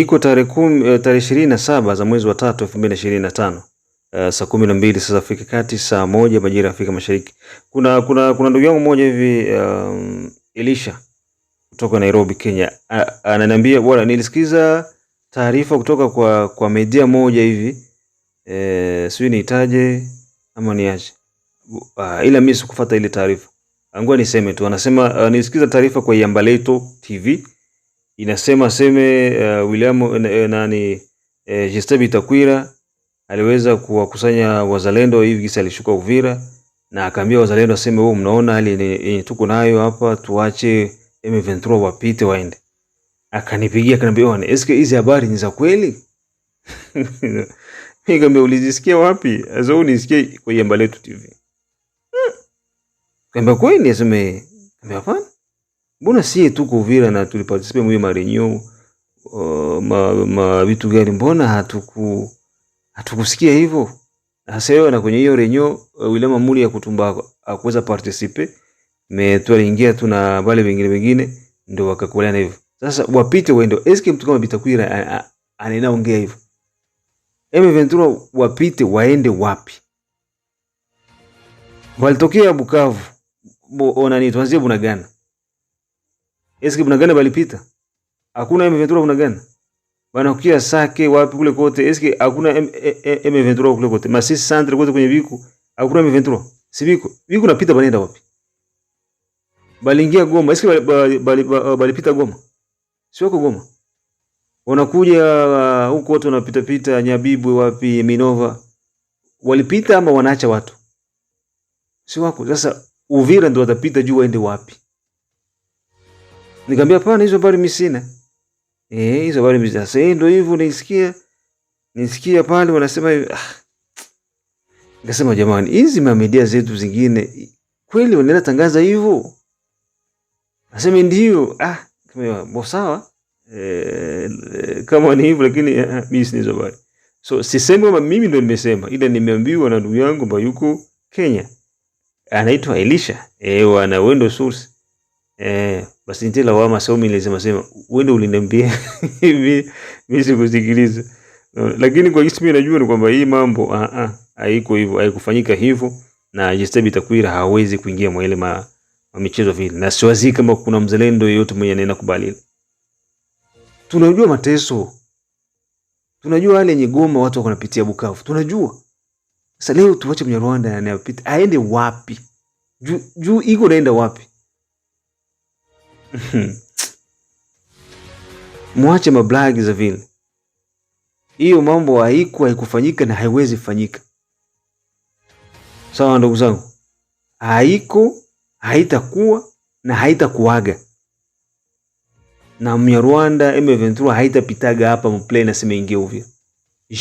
iko tarehe kumi, eh, tarehe ishirini na saba za mwezi wa tatu elfu mbili na ishirini na tano uh, saa kumi na mbili sasa Afrika Kati, saa moja majira ya Afrika Mashariki. Kuna kuna kuna ndugu yangu mmoja hivi um, Elisha kutoka Nairobi, Kenya ananiambia bwana, nilisikiza taarifa kutoka kwa kwa media moja hivi e, sijui niitaje ama niache uh, ila mimi sikufuata ile taarifa, angua niseme tu, anasema uh, nilisikiza taarifa kwa Yambaleto TV inasema seme uh, William uh, uh nani uh, Justin Bitakwira aliweza kuwakusanya wazalendo hivi kisa alishuka Uvira na akaambia wazalendo aseme, wewe mnaona hali yenye tuko nayo hapa, tuache M23 wapite waende. Akanipigia akaniambia, wewe eske hizi habari ni za kweli?" Nikamwambia, "Ulizisikia wapi?" Azo unisikie kwa Yamba Letu TV. Hmm. Kamba kweli aseme, eh. "Hapana." Mbona sie tuko Uvira na tulipartisipe mwe marenyo uh, ma, ma vitu gani, mbona hatuku hatukusikia hivyo? Hasa na kwenye hiyo renyo uh, wile mamuli ya kutumba akuweza participate me tuliingia tu na wale wengine wengine ndio wakakubaliana hivyo. Sasa wapite wendo, eske mtu kama Bitakwira anaongea hivyo Eme Ventura wapite waende wapi? Walitokea Bukavu, ona onani tuanzie Bunagana Eski Buna gani balipita? Hakuna M23 Buna gani? Wanakukia Sake wapi kule kote? Eski hakuna M23 e, e, kule kote? Masisi Centre kote kwenye viku? hakuna M23. Si viku? Viku napita banaenda wapi? Balingia Goma. Eski balipita Goma? Si wako Goma. Wanakuja uh, huko uh, watu wanapita pita Nyabibwe wapi Minova. Walipita ama wanaacha watu? Si wako. Sasa Uvira ndio watapita juu waende wapi? Nikamwambia hapana, hizo habari mimi sina. Eh, hizo habari mimi sasa. ndio hivyo nisikia. Nisikia pale wanasema hivi. ah. Nikasema jamani, hizi mamedia zetu zingine kweli wanaenda tangaza hivyo? Nasema ndio. Ah, kama sawa. Eh, kama ni hivyo lakini ah, mimi sina hizo habari. So sisemi kama mimi ndio nimesema, ila nimeambiwa na ndugu yangu ambaye yuko Kenya anaitwa Elisha. Eh, wana wendo source Eh, basi nitie lawama sio mimi lazima sema wewe ndio uliniambia hivi mimi sikusikiliza. Lakini kwa kisi mimi najua ni kwamba hii mambo a ah, a ah, haiko hivyo, haikufanyika hivyo na Jestebi Takwira hawezi kuingia mwa ile ma, michezo vile. Na siwazi kama kuna mzalendo yeyote mwenye anaenda kubali. Tunajua mateso. Tunajua wale yenye Goma watu wako napitia Bukavu. Tunajua. Sasa leo tuache Mnyarwanda anayepita aende wapi? Juu juu iko naenda wapi? Hmm. Mwache mablagi za vile, hiyo mambo haiku haikufanyika na haiwezi fanyika. Sawa ndugu zangu, haiko haitakuwa na haitakuwaga na Mnyarwanda M23 haitapitaga hapa mplay na simeingia ingia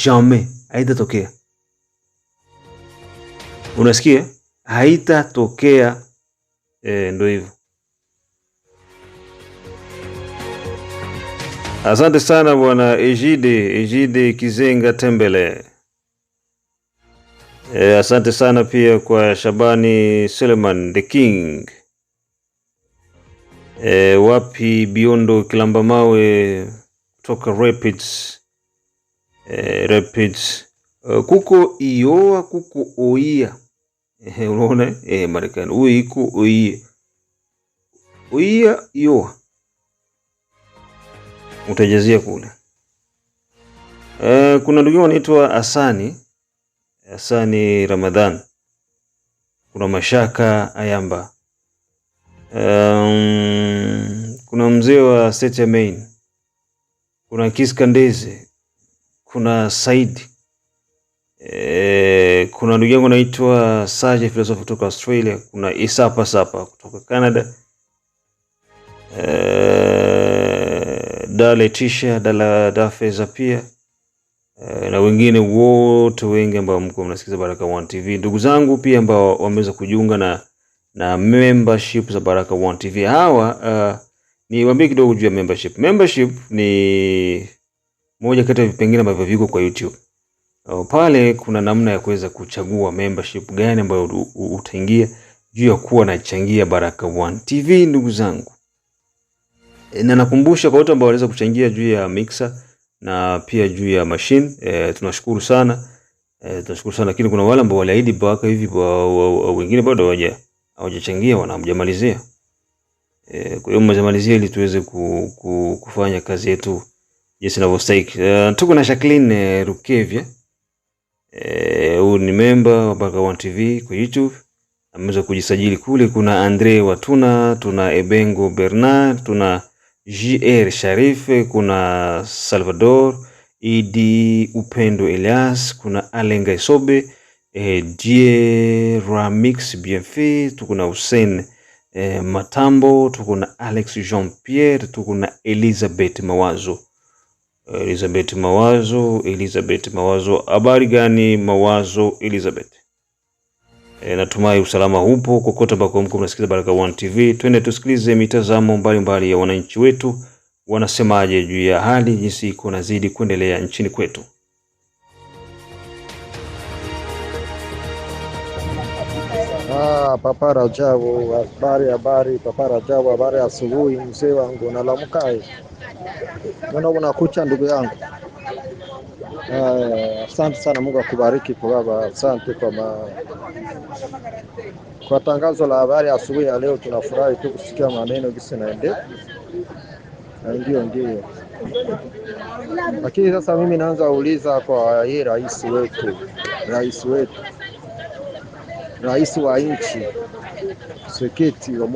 jamais, haitatokea. Unasikia, haitatokea. eh, ndo hivyo. Asante sana bwana Ejide Ejide Kizenga Tembele. E, asante sana pia kwa Shabani Suleman the King. E, wapi Biondo Kilamba Mawe toka Rapids. E, Rapids. E, kuko ioa kuko oia. E, unaona? E, Marekani. Ui, kuko oia. Oia ioa utajazia kule. E, kuna ndugu anaitwa Asani Asani Ramadhan, kuna Mashaka Ayamba, um, kuna mzee wa Sete Main, kuna Kiskandeze, kuna Saidi e, kuna ndugu yangu anaitwa Saje Filosofi kutoka Australia, kuna Isapasapa kutoka Canada e, da Letisha, da la da Feza pia eh, na wengine wote wengi ambao mko mnasikiza Baraka One TV, ndugu zangu pia ambao wameweza kujiunga na na membership za Baraka One TV. Hawa uh, ni wambie kidogo juu ya membership. Membership ni moja kati ya vipengele ambavyo viko kwa YouTube. Uh, pale kuna namna ya kuweza kuchagua membership gani ambayo utaingia juu ya kuwa nachangia Baraka One TV ndugu zangu. Eh, na nakumbusha kwa wote ambao waliweza kuchangia juu ya mixer na pia juu ya machine e, tunashukuru sana e, tunashukuru sana lakini kuna wale ambao waliahidi baka hivi wa, wa, wengine bado hawaja hawajachangia wanamjamalizia e, kwa hiyo mmejamalizia ili tuweze ku, ku, kufanya kazi yetu jinsi inavyostahili. E, tuko na Jacqueline e, Rukevya huyu e, ni member wa baraka One TV kwa YouTube ameweza kujisajili kule. Kuna Andre Watuna, tuna Ebengo Bernard, tuna JR Sharif, kuna Salvador Idi Upendo Elias, kuna Alenga Isobe eh, Die Ramix Bienfait, tuko na Hussein eh, Matambo, tuko na Alex Jean Pierre, tuko na Elizabeth Mawazo. Elizabeth Mawazo, Elizabeth Mawazo, habari gani Mawazo Elizabeth? E, natumai usalama hupo kokote ambako mko mnasikiliza Baraka One TV. Twende tusikilize mitazamo mbalimbali ya wananchi wetu wanasemaje juu ya hali jinsi iko nazidi kuendelea nchini kwetu. Ah, Papa Rajabu, habari habari. Papa Rajabu, habari asubuhi mzee wangu, nalamkae mbona unakucha ndugu yangu Eh, asante sana, Mungu akubariki kwa baba. Asante kwa ma... kwa tangazo la habari asubuhi ya leo. Tunafurahi tu kusikia maneno gisi naende, ndio ndio. Lakini sasa mimi naanza uliza kwa ye rais wetu, rais wetu, rais wa nchi Seketi wa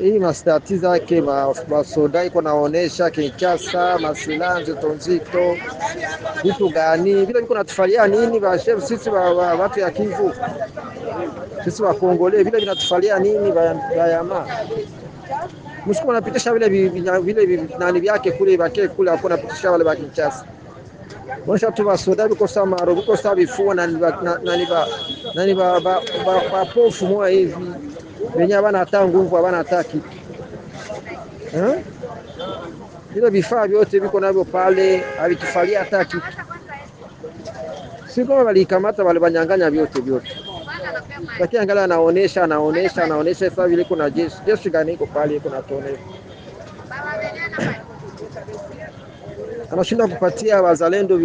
hii mastati zake masoda iko naonesha Kinshasa, masilanje tonzito vitu gani vile viko natufalia nini? chef sisi watu ya Kivu, sisi wa wakongole vile vinatufalia nini? Bayama msiku wanapitisha vile vile nani vyake kule bake kule, hapo napitisha wale ba Kinshasa onesha tu basoda biko sa maro biko sa bifua nani ba nani ba nani ba ba pofu moya hivi wenyewe hawana hata nguvu, hawana hata kitu. Vile vifaa vyote viko navyo pale, havitufalia hata kitu. siko kama walikamata wale wanyang'anya vyote vyote, lakini angalia anaonesha, anaonesha, anaonesha. Sasa vile kuna jeshi jeshi gani iko pale, iko na tone anashinda kupatia wazalendo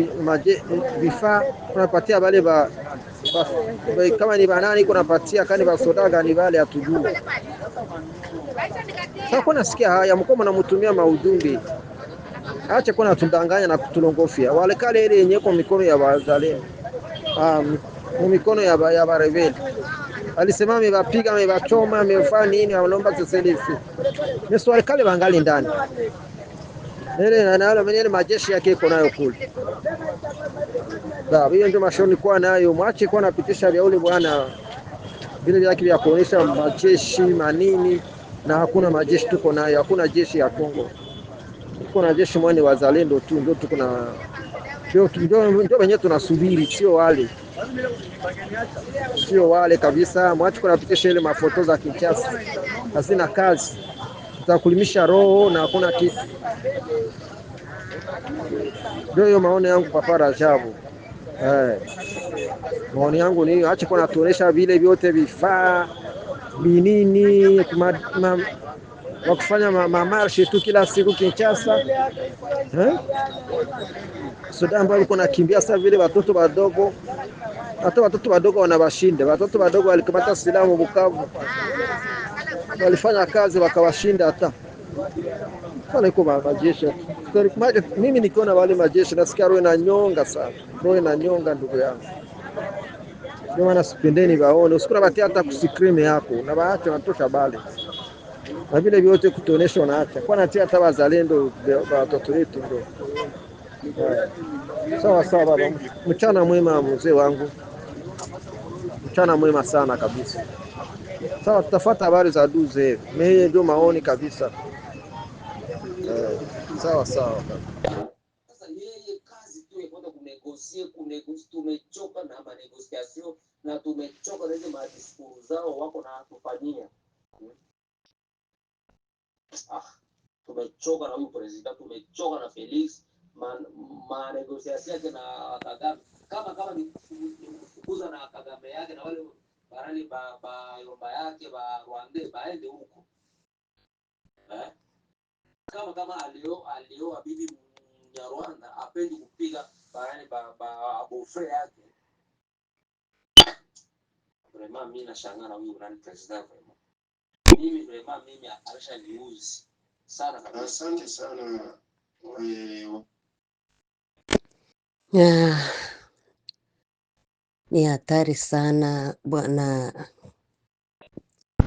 vifaa, unapatia wale wa basi kama ni banani iko napatia kani basoda ni vale atujue. Sasa kuna sikia haya mko mnamutumia maujumbe. Acha kuna tudanganya na kutulongofia. Wale kale ile yenye kwa mikono ya wazale. Ah, um, mikono ya ba, ya barevel. Alisema amewapiga, amewachoma, amefanya nini, anaomba seselefu. Ni swali kale bangali ndani. Ile na nalo mwenye majeshi yake iko nayo kule. Sawa, hiyo ndio mashauri nilikuwa nayo. Mwache kuwa anapitisha vya ule bwana vile vyake vya kuonyesha majeshi manini, na hakuna majeshi tuko nayo, hakuna jeshi ya Kongo, tuko na jeshi mwani wazalendo tu, ndio tuko na ndio wenyewe tunasubiri, sio wale, sio wale kabisa. Mwache napitisha ile mafoto za kichasi, hazina kazi za kulimisha roho na hakuna kitu. Ndio hiyo yangu, Papa Rajabu. Eh, maoni yangu ni ache kwa natuonesha vile vyote vifaa binini wa kufanya mamarshi tu kila siku Kinshasa eh? Sudan ambayo nakimbia sasa vile watoto wadogo, hata watoto wadogo wanawashinda. Watoto wadogo walikamata silaha Bukavu, walifanya kazi wakawashinda hata sana iko majeshi. Mimi nikiona wale majeshi nasikia roho inanyonga sana, roho inanyonga ndugu yangu. Ndio maana sipendeni waone, bati hata kusikrime yako na waache wanatosha bali na vile vyote kutonesha, wanaacha kwa natia hata wazalendo wa watoto wetu ndio sawa sawa. Baba, mchana mwema mzee wangu, mchana mwema sana kabisa. Sawa, tutafuata habari za duze. Mimi ndio maoni kabisa sawa sawa. Sasa kazi tu ya kwenda kunegosie kunegosie, tumechoka na manegosiasio na tumechoka na hizo madiskuru zao wako na kufanyia ah, tumechoka na huyu president, tumechoka na Felix manegosiasi yake na Kagame, kama kama ni kufukuza na Kagame yake na wale barani ba, ba, yomba yake ba Rwande baende huko kama kama alioa bibi Rwanda apendi kupiga barani ba, ba, bofre yake. Vrema mi nashangaa na huyu brand president vrema. Mimi vrema mimi alisha niuzi sana kabisa. Asante sana. Yeah. Ni hatari sana bwana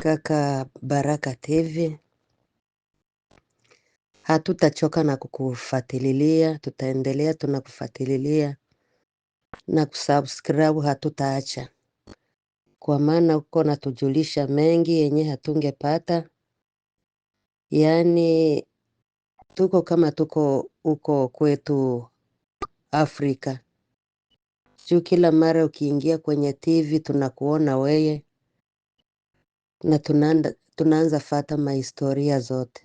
kaka Baraka TV Hatutachoka na kukufuatililia, tutaendelea tunakufuatilia na kusubscribe, hatutaacha kwa maana uko natujulisha mengi yenye hatungepata. Yaani tuko kama tuko huko kwetu Afrika juu kila mara ukiingia kwenye TV tunakuona weye na tunaanza fata mahistoria zote.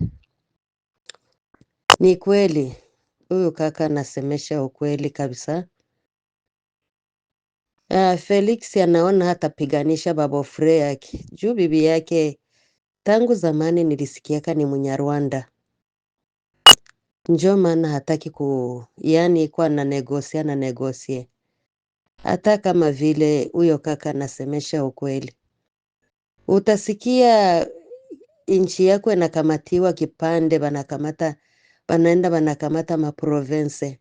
Ni kweli, huyu kaka anasemesha ukweli kabisa. Uh, Felix anaona atapiganisha Babo yake juu bibi yake. Tangu zamani nilisikiaka ni Munyarwanda, njo maana hataki ku, yaani kwa na negosia na negosie, hata kama vile huyo kaka anasemesha ukweli. Utasikia nchi yako inakamatiwa kipande, banakamata banaenda banakamata maprovense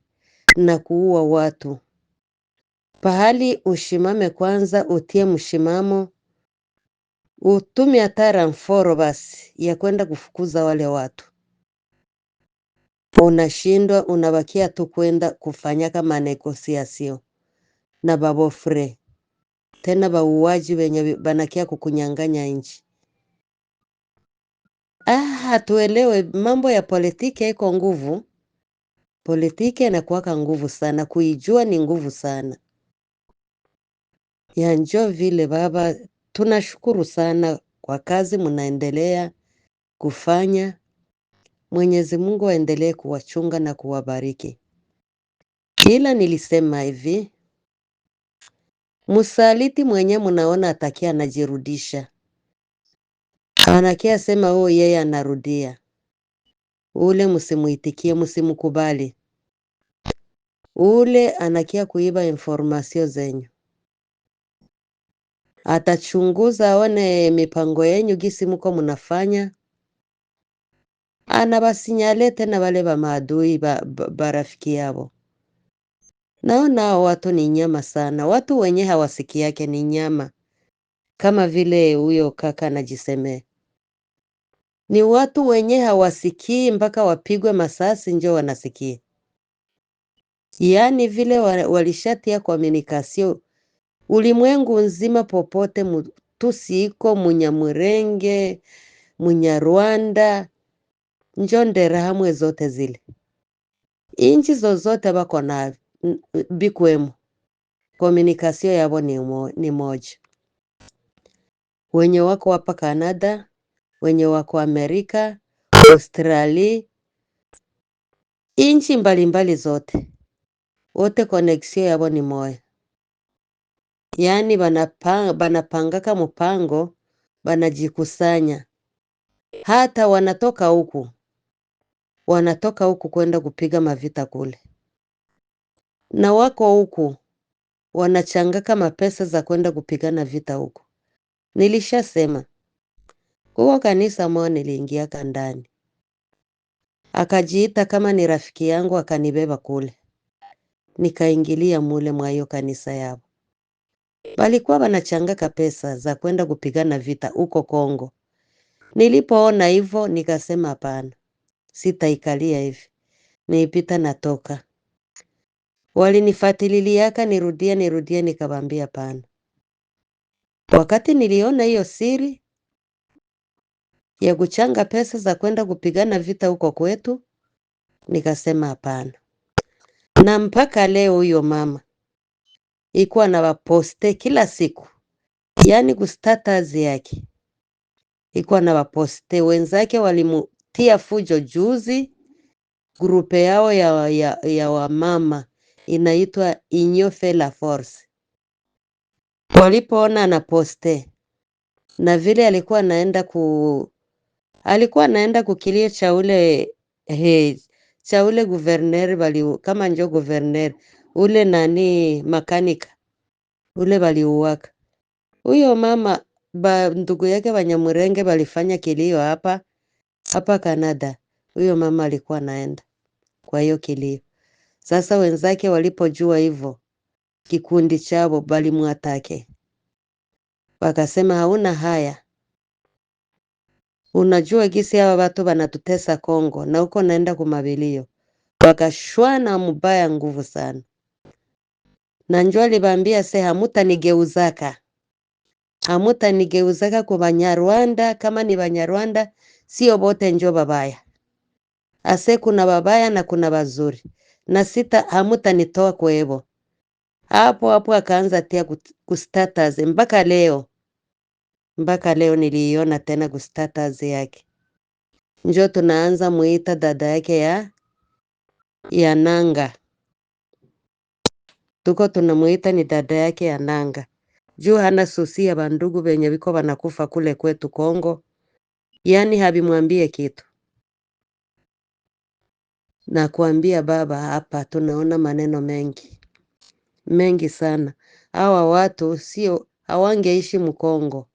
na kuua watu. Pahali ushimame kwanza, utie mshimamo, utumi hata mforo basi ya kwenda kufukuza wale watu. Unashindwa, unabakia tu kwenda kama manegosiasio na babofre tena bauaji wenye banakia kukunyang'anya nchi. Ah, hatuelewe mambo ya politiki haiko nguvu. Politiki inakuwaka nguvu sana, kuijua ni nguvu sana. Ya njo vile baba, tunashukuru sana kwa kazi mnaendelea kufanya. Mwenyezi Mungu aendelee kuwachunga na kuwabariki. Ila nilisema hivi, msaliti mwenye mnaona atakia anajirudisha anakia asema huo oh, yeye anarudia ule, msimuitikie, msimkubali ule. Anakia kuiba informasio zenyu, atachunguza aone mipango yenyu gisi muko munafanya, anabasinyale tena wale wa maadui ba, ba, barafiki yabo. Naona watu ni nyama sana, watu wenye hawasiki yake ni nyama, kama vile huyo kaka anajisemea ni watu wenye hawasikii mpaka wapigwe masasi ndio wanasikia. Yaani vile walishatia komunikasio ulimwengu nzima popote tusiiko Munyamurenge, Munyarwanda, njo nderahamwe zote zile inchi zozote bako na bikwemo komunikasio yabo ni, mo, ni moja wenye wako hapa Canada wenye wako Amerika, Australia, inchi mbalimbali zote, wote koneksio yabo ni moya. Yaani banapanga, banapangaka mupango banajikusanya, hata wanatoka huku wanatoka huku kwenda kupiga mavita kule, na wako huku wanachangaka mapesa za kwenda kupigana vita huku. Nilishasema huo kanisa mwao niliingiaka ndani. Akajiita kama ni rafiki yangu akanibeba kule. Nikaingilia mule mwa hiyo kanisa yao. Walikuwa wanachangaka pesa za kwenda kupigana vita huko Kongo. Nilipoona hivyo nikasema hapana. Sitaikalia hivi. Nipita natoka. Walinifatililiaka nirudia nirudia nikabambia hapana. Wakati niliona hiyo siri ya kuchanga pesa za kwenda kupigana vita huko kwetu? Nikasema hapana. Na mpaka leo huyo mama ikuwa na waposte kila siku, yaani kustatus yake ikuwa na waposte wenzake, walimutia fujo juzi. Grupe yao ya, ya, ya wamama inaitwa Inyofe la Force walipoona anaposte na vile alikuwa anaenda ku alikuwa anaenda kukilia cha ule cha ule guverner bali kama njo guverner ule nani makanika ule baliuwaka huyo mama ba ndugu yake wanyamurenge walifanya kilio hapa hapa Canada. Huyo mama alikuwa anaenda kwa hiyo kilio. Sasa wenzake walipojua hivyo, kikundi chao mwatake, wakasema hauna haya, Unajua gisi hawa watu wanatutesa Kongo na huko naenda kumabilio wakashwana mubaya nguvu sana, na njua libambia se hamutanigeuzaka hamutanigeuzaka kwa Banyarwanda. Kama ni Banyarwanda, sio bote njo babaya ase, kuna babaya na kuna bazuri na sita hamutanitoa kwevo hapo hapo. Akaanza tia kustatus mpaka leo mpaka leo niliiona tena kustatus yake. Njo tunaanza muita dada yake ya ya nanga, tuko tunamuita ni dada yake ya nanga juu hana susia bandugu venye viko wanakufa kule kwetu Kongo, yaani habimwambie kitu. Na kuambia baba hapa, tunaona maneno mengi mengi sana. Hawa watu sio hawangeishi Mkongo,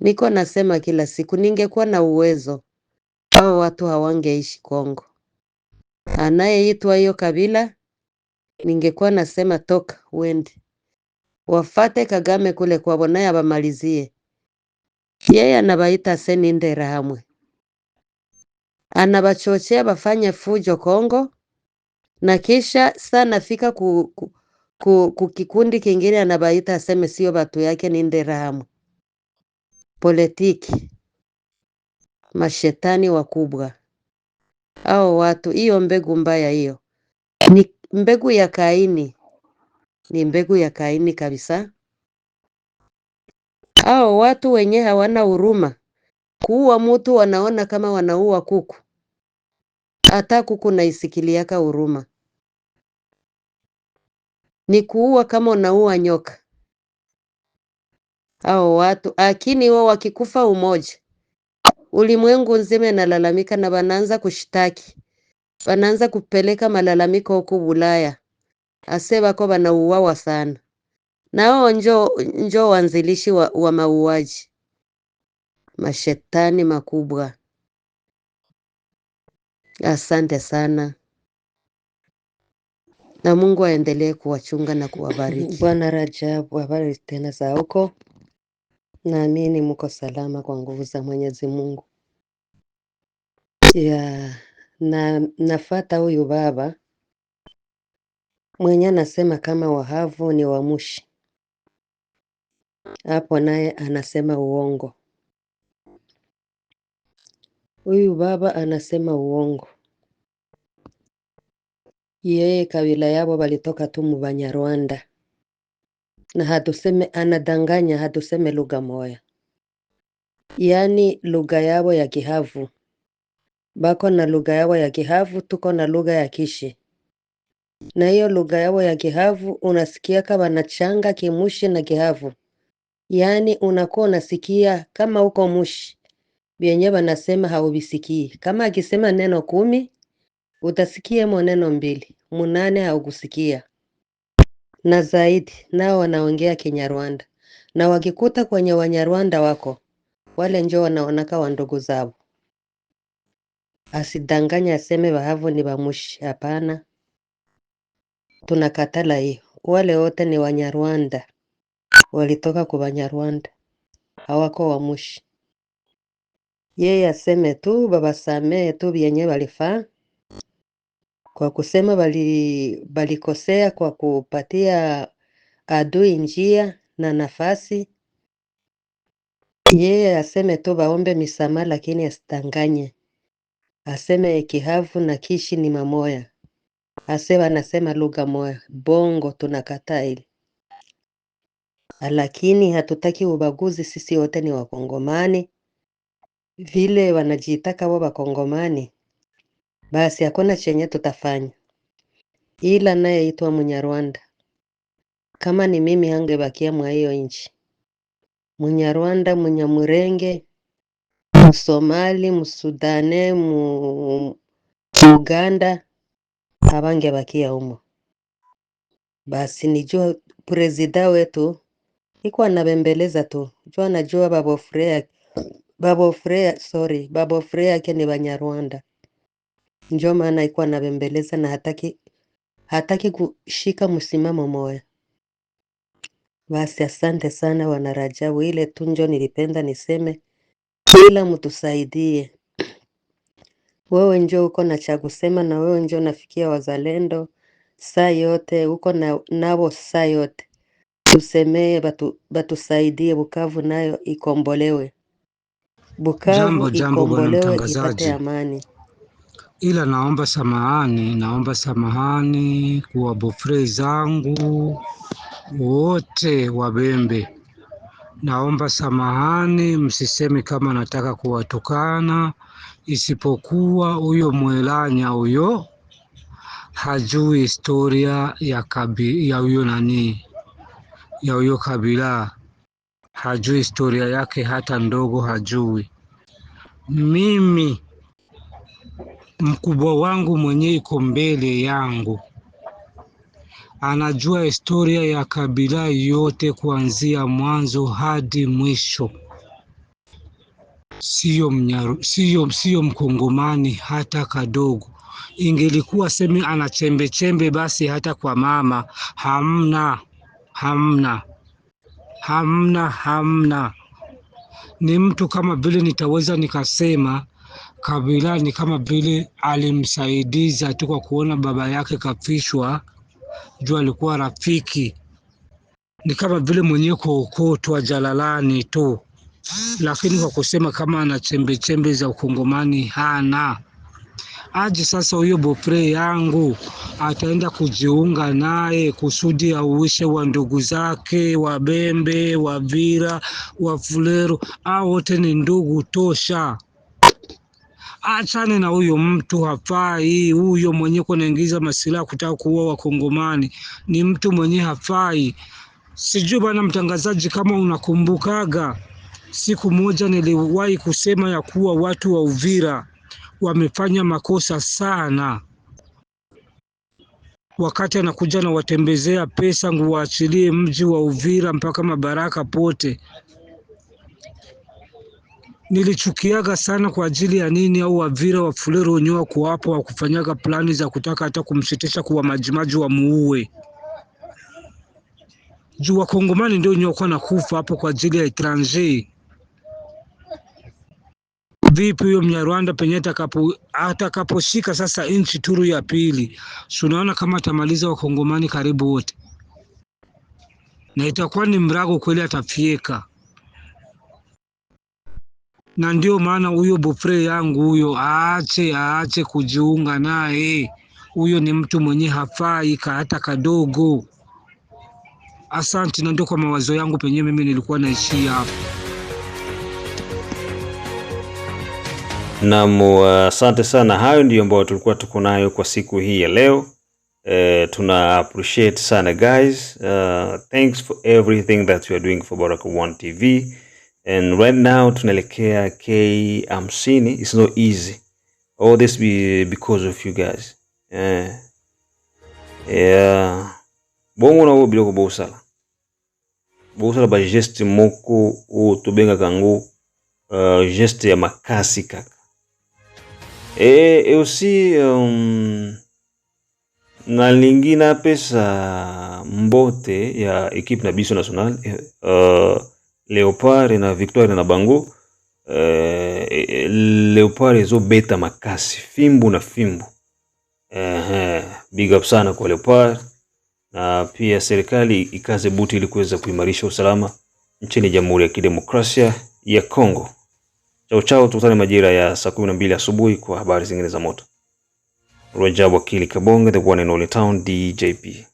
Niko nasema kila siku, ningekuwa na uwezo, hao watu hawangeishi Kongo. Anayeitwa hiyo kabila, ningekuwa nasema toka uende, wafate Kagame kule kwabo, naye abamalizie. Yeye anabaita senindera hamwe, anabachochea bafanye fujo Kongo, na kisha sana fika ku, ku, ku, ku kikundi kingine anabaita aseme sio batu yake ni ndera hamwe politiki, mashetani wakubwa hao watu. Hiyo mbegu mbaya hiyo ni mbegu ya Kaini, ni mbegu ya Kaini kabisa. Hao watu wenye hawana huruma, kuua mutu wanaona kama wanaua kuku. Hata kuku naisikiliaka huruma, ni kuua kama unaua nyoka au watu akini wao wakikufa umoja, ulimwengu nzima inalalamika na bananza kushitaki, bananza kupeleka malalamiko huku Bulaya ase bako banauawa sana, nao njo njo wanzilishi wa, wa mauaji mashetani makubwa. Asante sana na Mungu aendelee kuwachunga na kuwabariki. Bwana Rajabu, habari tena za huko? Naamini mko salama kwa nguvu za Mwenyezi Mungu. Ya, na nafata huyu baba mwenye anasema kama wahavu ni wamushi, hapo naye anasema uongo. Huyu baba anasema uongo, yeye kabila yabo walitoka tu mu Banyarwanda na hatuseme anadanganya, hatuseme lugha moya, yaani lugha yao ya Kihavu. Bako na lugha yao ya Kihavu, tuko na lugha ya Kishi, na hiyo lugha yao ya Kihavu unasikia kama nachanga Kimushi na Kihavu, yaani unakuwa unasikia kama uko Mushi vyenye wanasema hauvisikii. Kama akisema neno kumi utasikia mo neno mbili munane haukusikia na zaidi nao wanaongea Kinyarwanda na wakikuta kwenye Wanyarwanda wako wale njo wanaonaka wa ndugu zao. Asidanganya aseme wahavu ni wamushi hapana, tunakatala hiyo. Wale wote ni Wanyarwanda, walitoka kwa Wanyarwanda, hawako wamushi. Yeye aseme tu babasamee tu vyenye walifaa kwa kusema walikosea kwa kupatia adui njia na nafasi. Yeye aseme tu waombe misamaha, lakini asitanganye aseme Kihavu na Kishi ni mamoya, ase wanasema lugha moya. Bongo tunakataa hili, lakini hatutaki ubaguzi. Sisi wote ni Wakongomani, vile wanajitaka wao Wakongomani basi hakuna chenye tutafanya, ila nayeitwa Munyarwanda kama ni mimi angebakia mwa hiyo nchi, Munyarwanda, Munyamurenge, msomali msudane mu Uganda hawangebakia humo. Basi nijua prezida wetu iko anabembeleza tu, jua najua babofre, babofre, sorry, babofre yake ni Banyarwanda ndio maana alikuwa anabembeleza na hataki, hataki kushika msimamo moya Basi asante sana wana Rajabu, ile tu njo nilipenda niseme, kila mtusaidie. Wewe njo uko na cha kusema, na wewe njo nafikia wazalendo saa yote, uko na nabo saa yote, tusemee, batu batusaidie, Bukavu nayo ikombolewe, Bukavu ikombolewe, ipate amani ila naomba samahani, naomba samahani kuwa bofre zangu wote Wabembe, naomba samahani, msisemi kama nataka kuwatukana, isipokuwa huyo mwelanya huyo hajui historia ya kabi, ya huyo nani ya huyo kabila hajui historia yake hata ndogo hajui. Mimi mkubwa wangu mwenye iko mbele yangu anajua historia ya kabila yote kuanzia mwanzo hadi mwisho. Siyo mnyaru, siyo, siyo mkongomani hata kadogo. Ingelikuwa semi ana chembe chembe, basi hata kwa mama hamna, hamna, hamna, hamna. Ni mtu kama vile nitaweza nikasema Kabila ni kama vile alimsaidiza tu kwa kuona baba yake kafishwa, juu alikuwa rafiki, ni kama vile mwenyewe kuokotwa jalalani tu, lakini kwa kusema kama ana chembechembe za ukongomani hana aje. Sasa huyo Bopre yangu ataenda kujiunga naye kusudi auishe wa ndugu zake wa Bembe, wa Vira, wa au wote ni ndugu tosha achane na huyo mtu, hafai huyo. mwenye kunaingiza masilaha kutaka kuua Wakongomani, ni mtu mwenye hafai. Sijui bana mtangazaji, kama unakumbukaga siku moja niliwahi kusema ya kuwa watu wa Uvira wamefanya makosa sana, wakati anakuja na watembezea pesa nguwaachilie mji wa Uvira mpaka Mabaraka pote nilichukiaga sana kwa ajili ya nini? Au Wavira wa Fulero wenyewe kuwapo wa wakufanyaga plani za kutaka hata kumsitisha kuwa majimaji wa muue juu kongomani ndio wenyewe kwa nakufa hapo kwa ajili ya etranger. Vipi huyo Mnyarwanda penye atakaposhika sasa nchi turu ya pili, sunaona kama atamaliza Wakongomani karibu wote, na itakuwa ni mrago kweli, atafieka na ndio maana huyo Bofre yangu huyo aache aache kujiunga naye. Huyo ni mtu mwenye hafai hata kadogo. Asante, na ndio kwa mawazo yangu penyewe mimi nilikuwa naishia hapo. Naam, asante sana. Hayo ndiyo ambayo tulikuwa tuko nayo kwa siku hii ya leo. E, tuna appreciate sana guys. Uh, thanks for everything that you are doing for Baraka1 TV and right now tunaelekea k hamsini. It's not easy all this be because of you guys eh. bongo na biloko ko bosala ba geste moko o tobenga kango uh, geste ya makasi kaka et, eh, eh, aussi um, nalingi napesa mbote ya ekipe na biso national uh, Leopard na Victoire na Bango. Uh, eh, eh, Leopard beta makasi fimbu na fimbu. Uh Big up sana kwa Leopard na pia serikali ikaze buti ili kuweza kuimarisha usalama nchini Jamhuri ya Kidemokrasia ya Kongo. Chao chao, tukutane majira ya saa 12 asubuhi kwa habari zingine za moto. Rajab Akili Kabonga, the one and only town DJP.